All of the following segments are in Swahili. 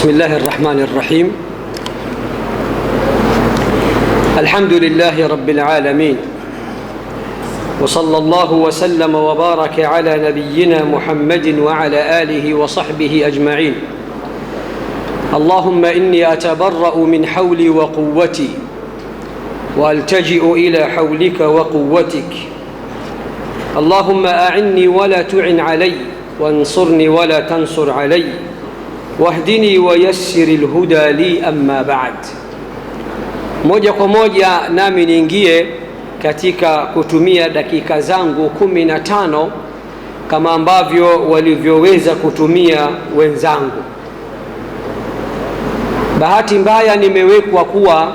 بسم الله الرحمن الرحيم الحمد لله رب العالمين وصلى الله وسلم وبارك على نبينا محمد وعلى آله وصحبه أجمعين اللهم إني أتبرأ من حولي وقوتي وألتجئ إلى حولك وقوتك اللهم أعني ولا تعن علي وانصرني ولا تنصر علي wahdini wayassiri lhuda li amma ba'd. Moja kwa moja nami niingie katika kutumia dakika zangu kumi na tano kama ambavyo walivyoweza kutumia wenzangu. Bahati mbaya nimewekwa kuwa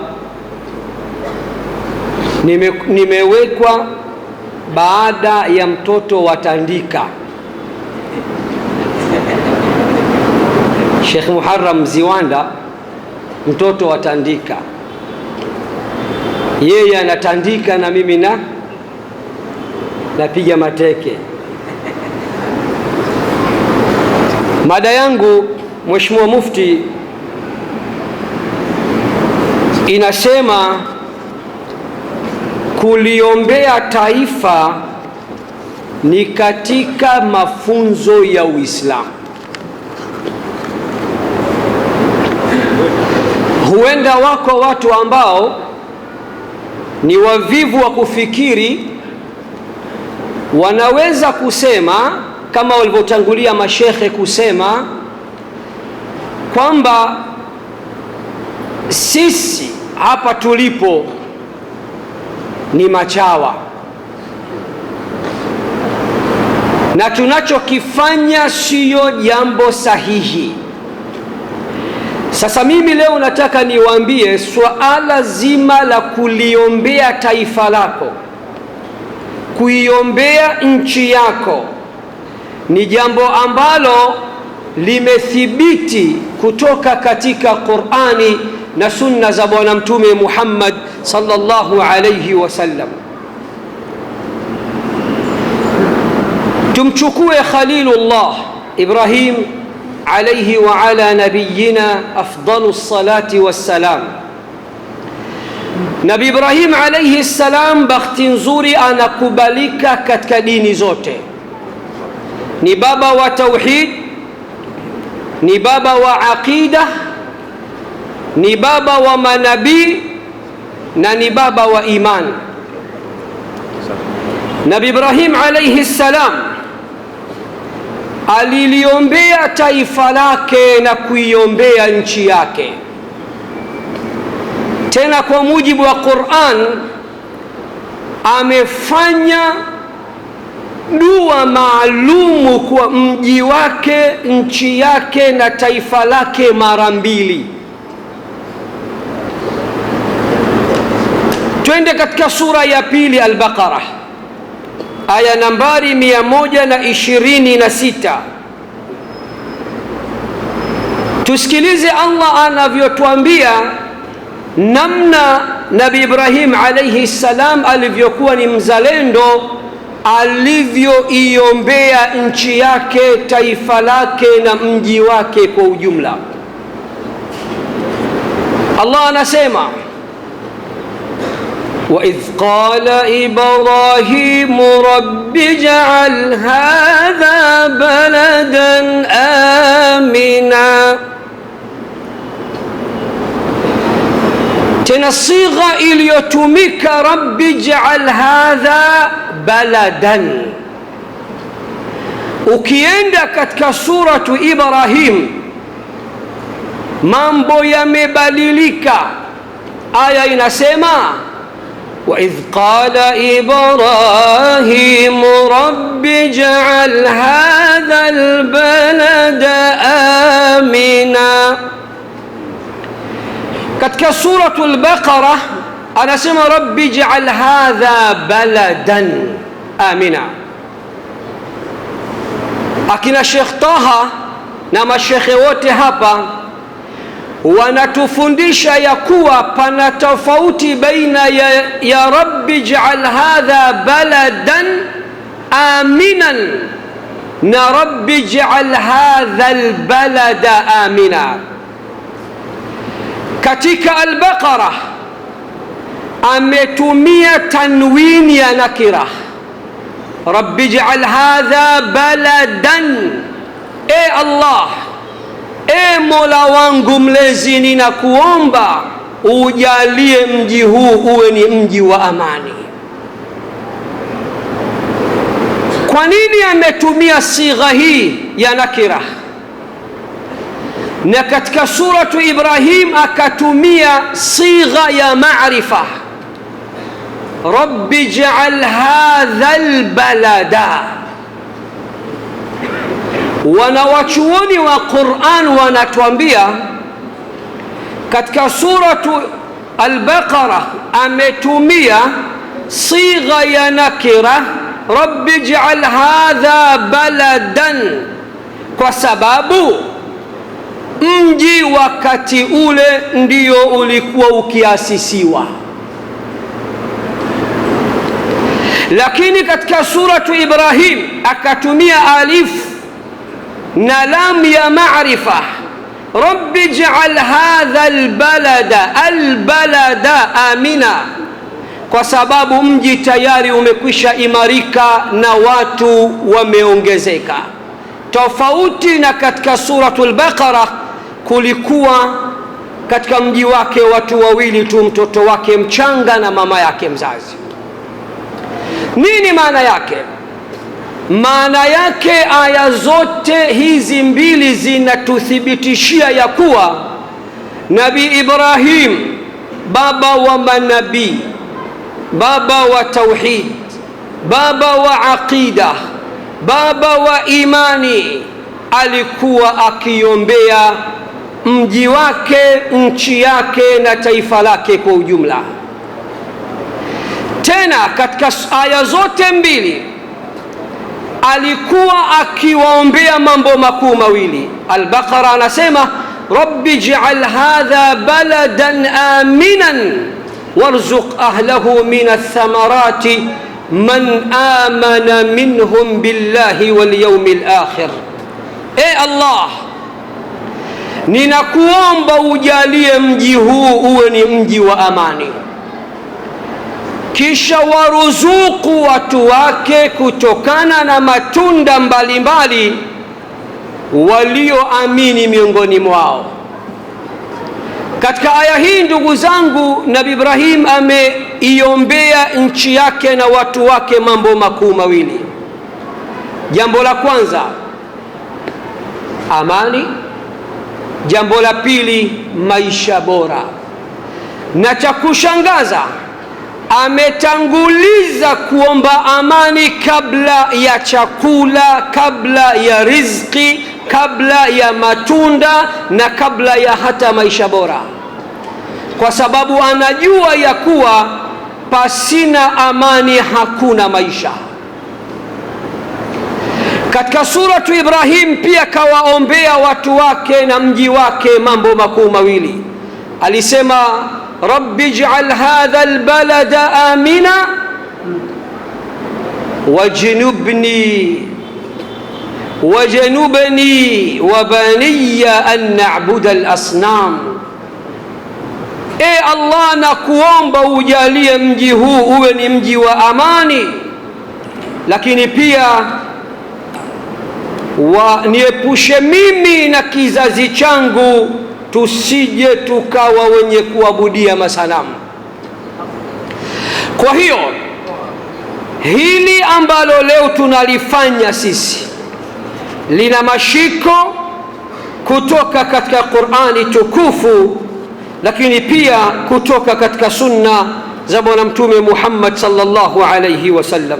nime, nimewekwa baada ya mtoto watandika Sheikh Muharram Ziwanda, mtoto wa Tandika, yeye anatandika na mimi na napiga mateke. Mada yangu Mheshimiwa Mufti inasema kuliombea taifa ni katika mafunzo ya Uislamu. huenda wako watu ambao ni wavivu wa kufikiri, wanaweza kusema kama walivyotangulia mashehe kusema kwamba sisi hapa tulipo ni machawa na tunachokifanya siyo jambo sahihi. Sasa mimi leo nataka niwaambie swala zima la kuliombea taifa lako, kuiombea nchi yako ni jambo ambalo limethibiti kutoka katika Qur'ani na sunna za Bwana Mtume Muhammad sallallahu alayhi wasallam. Tumchukue Khalilullah Ibrahim عليه وعلى نبينا أفضل الصلاة والسلام نبي إبراهيم عليه السلام بختنزوري أنا كباليكا كتكديني زوتي نبابا وتوحيد نبابا وعقيدة نبابا ومنبي ننبابا وإيمان نبي إبراهيم عليه السلام aliliombea taifa lake na kuiombea nchi yake. Tena kwa mujibu wa Qur'an, amefanya dua maalumu kwa mji wake, nchi yake na taifa lake mara mbili. Twende katika sura ya pili Al-Baqarah aya nambari 126 tusikilize Allah anavyotuambia namna Nabi Ibrahim alaihi ssalam alivyokuwa ni mzalendo, alivyoiombea nchi yake, taifa lake na mji wake kwa ujumla. Allah anasema وإذ قال إبراهيم رب جعل هذا بلدا آمنا تنصيغ إليتمك رب جعل هذا بلدا وكي وكيندك كسورة إبراهيم مامبو يمبلليك آية نسيمة آية نسيمة وإذ قال إبراهيم رب جعل هذا البلد آمنا كتك سورة البقرة أنا سمى رب جعل هذا بلدا آمنا أكنا شيخ طه نما الشيخ وتهبا wanatufundisha ya kuwa pana tofauti baina ya, ya rabbi ij'al hadha baladan aminan na rabbi ij'al hadha albalada amina. Katika Albaqara ametumia tanwini ya nakira rabbi ij'al hadha baladan, e Allah E Mola wangu Mlezi, ninakuomba ujalie mji huu uwe ni mji wa amani. Kwa nini ametumia sigha hii ya nakira na katika Suratu Ibrahim akatumia sigha ya marifa, rabbi jaal hadha lbalada Wanawachuoni wa Qur'an wanatuambia katika suratu Al-Baqara ametumia sigha ya nakira, rabbi ij'al hadha baladan, kwa sababu mji wakati ule ndio ulikuwa ukiasisiwa. Lakini katika suratu Ibrahim akatumia alifu na lam ya marifa rabbi jal hadha albalada albalada amina, kwa sababu mji tayari umekwisha imarika na watu wameongezeka. Tofauti na katika Suratul Baqara, kulikuwa katika mji wake watu wawili tu, mtoto wake mchanga na mama yake mzazi. Nini maana yake? Maana yake aya zote hizi mbili zinatuthibitishia ya kuwa Nabi Ibrahim baba wa manabii, baba wa tauhid, baba wa aqida, baba wa imani, alikuwa akiombea mji wake, nchi yake na taifa lake kwa ujumla. Tena katika aya zote mbili alikuwa akiwaombea mambo makuu mawili. Albaqara anasema rabbi jaal hadha baladan aminan warzuq ahlahu min athamarati man amana minhum billahi wal yawmil akhir. E Allah, ninakuomba ujalie mji huu uwe ni mji wa amani kisha waruzuku watu wake kutokana na matunda mbalimbali walioamini miongoni mwao. Katika aya hii, ndugu zangu, Nabii Ibrahim ameiombea nchi yake na watu wake mambo makuu mawili. Jambo la kwanza amani, jambo la pili maisha bora. Na cha kushangaza ametanguliza kuomba amani kabla ya chakula, kabla ya riziki, kabla ya matunda na kabla ya hata maisha bora, kwa sababu anajua ya kuwa pasina amani hakuna maisha. Katika suratu Ibrahim pia kawaombea watu wake na mji wake mambo makuu mawili, alisema رب اجعل هذا البلد آمنا واجنبني وجنبني وبني أن نعبد الأصنام إيه الله نقوم بوجالي مجيه وين مجي وأماني لكن بيا ونيبوش ميمي نكيزازي تشانغو tusije tukawa wenye kuabudia masanamu. Kwa hiyo hili ambalo leo tunalifanya sisi lina mashiko kutoka katika Qur'ani tukufu, lakini pia kutoka katika sunna za Bwana Mtume Muhammad sallallahu alayhi wasallam.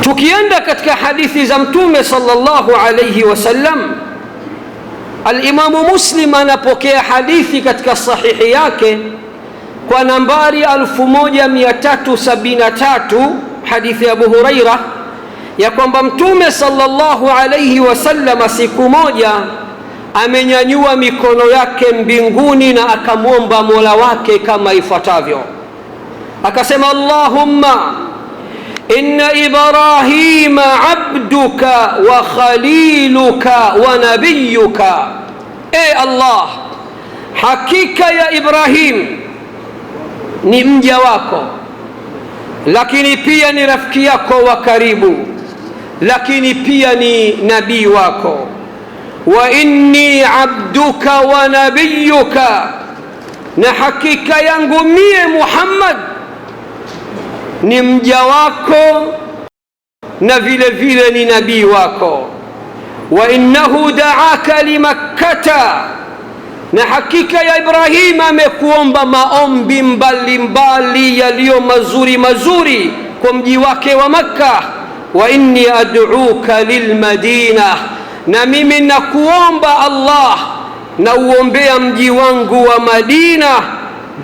Tukienda katika hadithi za Mtume sallallahu alayhi wasallam Alimamu Muslim anapokea hadithi katika sahihi yake kwa nambari 1373 hadithi ya Abu Huraira ya kwamba Mtume sallallahu alayhi wasallam siku moja amenyanyua mikono yake mbinguni na akamwomba Mola wake kama ifuatavyo, akasema Allahumma inna ibrahima abduka wa khaliluka wa nabiyuka, e Allah, hakika ya Ibrahim ni mja wako, lakini pia ni rafiki yako wa karibu, lakini pia ni nabii wako. wa inni abduka wa nabiyuka, na hakika yangu mie Muhammad ni mja wako na vile vile ni nabii wako. wa innahu daaka limakkata, na hakika ya Ibrahim amekuomba maombi mbalimbali yaliyo mazuri mazuri kwa mji wake wa Makka. wa inni ad'uka lilmadina, na mimi nakuomba Allah, nauombea mji wangu wa Madina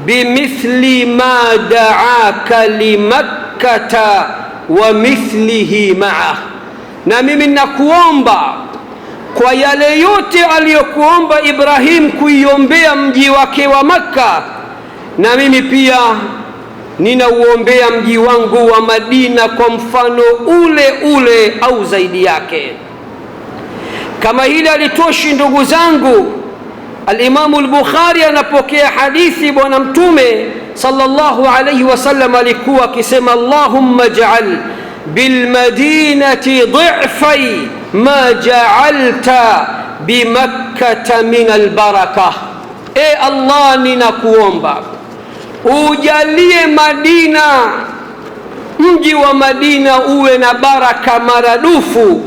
bimithli ma daaka limakkata wa mithlihi maa, na mimi ninakuomba kwa yale yote aliyokuomba Ibrahim kuiombea mji wake wa Makka, na mimi pia ninauombea mji wangu wa Madina kwa mfano ule ule au zaidi yake. Kama hili alitoshi, ndugu zangu Alimamu al-Bukhari anapokea hadithi bwana mtume sallallahu alayhi wasallam alikuwa akisema Allahumma ja'al bilmadinati dhifai ma ja'alta bimakkata min albaraka e Allah ninakuomba ujalie Madina mji wa Madina uwe na baraka maradufu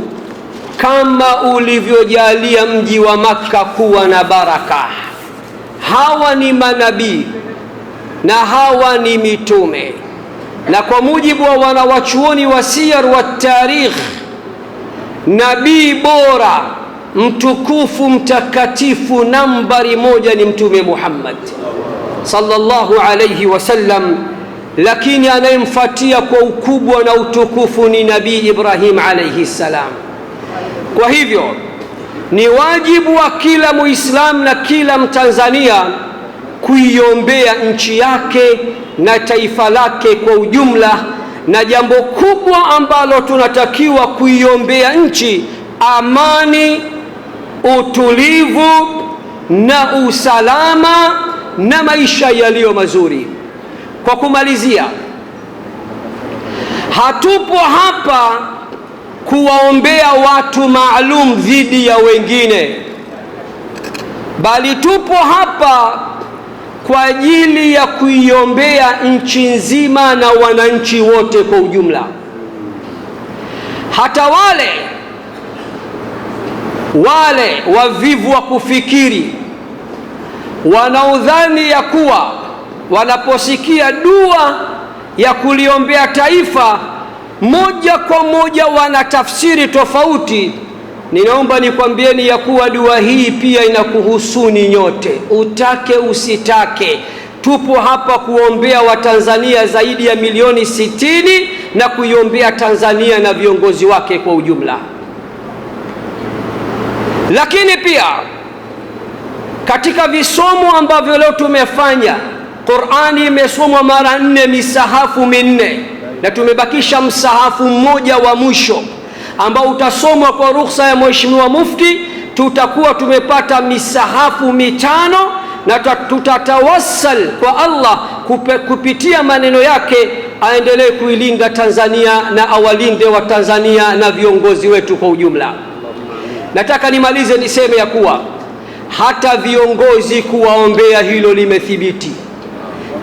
kama ulivyojalia mji wa Makka kuwa na baraka. Hawa ni manabii na hawa ni mitume, na kwa mujibu wa wanawachuoni wa siyar wa tarikh, nabii bora mtukufu mtakatifu nambari moja ni Mtume Muhammad sallallahu alayhi wasallam, lakini anayemfuatia kwa ukubwa na utukufu ni Nabii Ibrahim alayhi salam. Kwa hivyo ni wajibu wa kila Muislamu na kila Mtanzania kuiombea nchi yake na taifa lake kwa ujumla, na jambo kubwa ambalo tunatakiwa kuiombea nchi, amani, utulivu na usalama na maisha yaliyo mazuri. Kwa kumalizia, hatupo hapa kuwaombea watu maalum dhidi ya wengine, bali tupo hapa kwa ajili ya kuiombea nchi nzima na wananchi wote kwa ujumla, hata wale wale wavivu wa kufikiri wanaodhani ya kuwa wanaposikia dua ya kuliombea taifa moja kwa moja wana tafsiri tofauti. Ninaomba nikwambieni ya kuwa dua hii pia inakuhusuni nyote, utake usitake. Tupo hapa kuombea Watanzania zaidi ya milioni sitini na kuiombea Tanzania na viongozi wake kwa ujumla. Lakini pia katika visomo ambavyo leo tumefanya, Qur'ani imesomwa mara nne, misahafu minne na tumebakisha msahafu mmoja wa mwisho ambao utasomwa kwa ruhusa ya Mheshimiwa Mufti. Tutakuwa tumepata misahafu mitano na tutatawassal kwa Allah kupe, kupitia maneno yake aendelee kuilinda Tanzania na awalinde wa Tanzania na viongozi wetu kwa ujumla. Nataka nimalize niseme ya kuwa hata viongozi kuwaombea hilo limethibiti.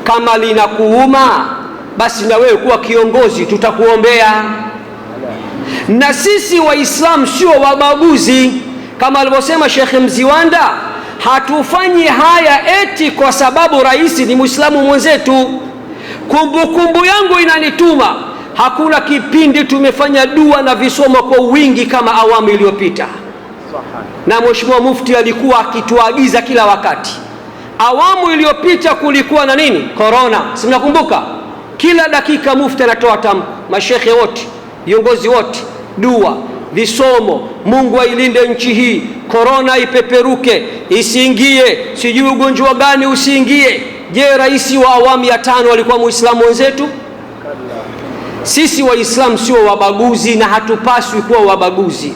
Kama linakuuma basi na wewe kuwa kiongozi, tutakuombea. Na sisi Waislamu sio wabaguzi, kama alivyosema Shekhe Mziwanda, hatufanyi haya eti kwa sababu rais ni mwislamu mwenzetu. Kumbukumbu yangu inanituma hakuna kipindi tumefanya dua na visomo kwa wingi kama awamu iliyopita, na Mheshimiwa Mufti alikuwa akituagiza kila wakati. Awamu iliyopita kulikuwa na nini? Korona, si mnakumbuka? Kila dakika mufti anatoa tamko, mashekhe wote, viongozi wote, dua, visomo, Mungu ailinde nchi hii, korona ipeperuke, isiingie, sijui ugonjwa gani usiingie. Je, rais wa awamu ya tano alikuwa muislamu wenzetu? Sisi waislamu sio wabaguzi na hatupaswi kuwa wabaguzi.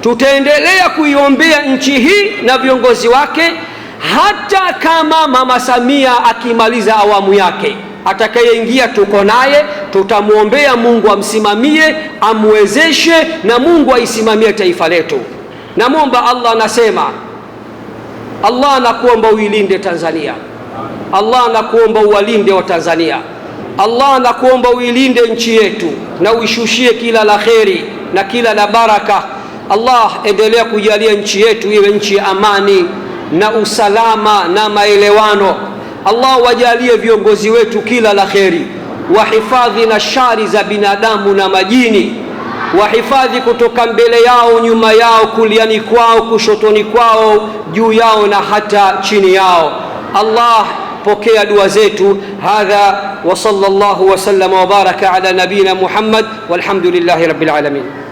Tutaendelea kuiombea nchi hii na viongozi wake, hata kama mama Samia akimaliza awamu yake atakayeingia tuko naye, tutamwombea Mungu amsimamie, amwezeshe, na Mungu aisimamie taifa letu. Namwomba Allah, anasema Allah anakuomba uilinde Tanzania, Allah anakuomba uwalinde wa Tanzania, Allah anakuomba uilinde nchi yetu na uishushie kila la kheri na kila la baraka. Allah, endelea kujalia nchi yetu iwe nchi ya amani na usalama na maelewano. Allah wajalie viongozi wetu kila la kheri, wahifadhi na shari za binadamu na majini, wahifadhi kutoka mbele yao, nyuma yao, kuliani kwao, kushotoni kwao, juu yao na hata chini yao. Allah pokea dua zetu. Hadha wa sallallahu wa sallama wa baraka ala nabina Muhammad walhamdulillahi rabbil alamin.